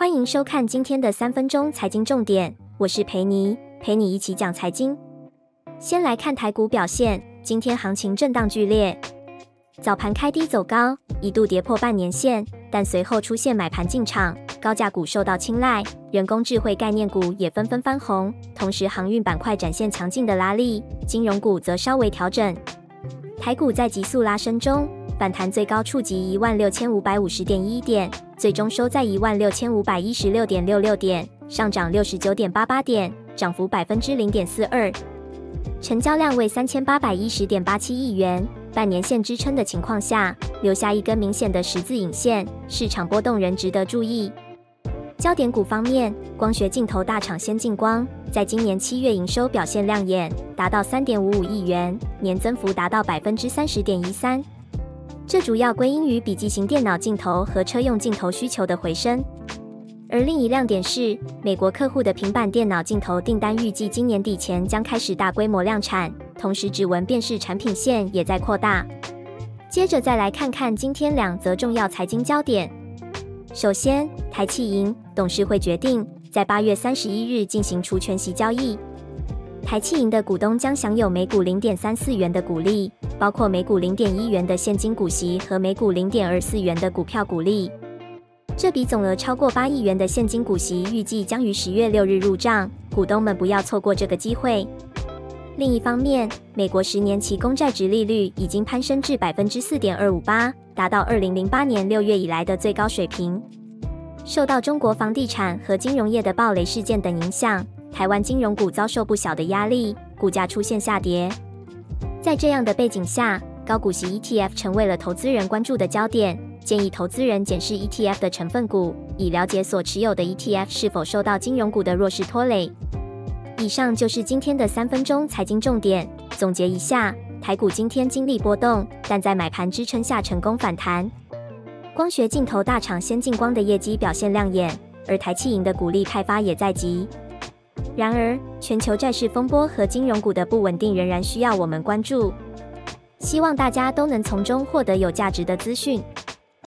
歡迎收看今天的三分鐘財經重點，我是裴妮，陪你一起講財經。先來看台股表現，今天行情震盪劇烈，早盤開低走高，一度跌破半年線，但隨後出現買盤進場，高價股受到青睞，人工智慧概念股也紛紛翻紅，同時航運板塊展現強勁的拉力，金融股則稍微調整。台股在急速拉升中反彈，盤中最高觸及一萬六千五百五十點一點。最終收在一萬六千五百一十六點六六點，上漲六十九點八八點，漲幅百分之零點四二，成交量為三千八百一十點八七億元。半年線支撐的情況下，留下一根明顯的十字影線，市場波動仍值得注意。焦點股方面，光學鏡頭大廠先進光在今年七月營收表現亮眼，達到三點五五億元，年增幅達到百分之三十點一三。這主要歸因於筆記型電腦鏡頭和車用鏡頭需求的回升，而另一亮點是美國客戶的平板電腦鏡頭訂單預計今年底前將開始大規模量產，同時指紋辨識產品線也在擴大。接着再來看看今天兩則重要財經焦點。首先，台企銀董事會決定在八月三十一日進行除權息交易，台企銀的股東將享有每股零點三四元的股利。包括每股零點一元的現金股息和每股零點二四元的股票股利。這筆總額超過八億元的現金股息預計將於十月六日入賬，股東們不要錯過這個機會。另一方面，美國十年期公債殖利率已經攀升至百分之四點二五八，達到二零零八年六月以來的最高水平。受到中國房地產和金融業的暴雷事件等影響，台灣金融股遭受不小的壓力，股價出現下跌。在這樣的背景下，高股息 ETF 成為了投資人關注的焦點。建議投資人檢視 ETF 的成分股，以了解所持有的 ETF 是否受到金融股的弱勢拖累。以上就是今天的三分鐘財經重點。總結一下，台股今天經歷波動，但在買盤支撐下成功反彈。光學鏡頭大廠先進光的業績表現亮眼，而台企銀的股利派發也在即。然而，全球債市風波和金融股的不穩定仍然需要我們關注。希望大家都能從中獲得有價值的資訊。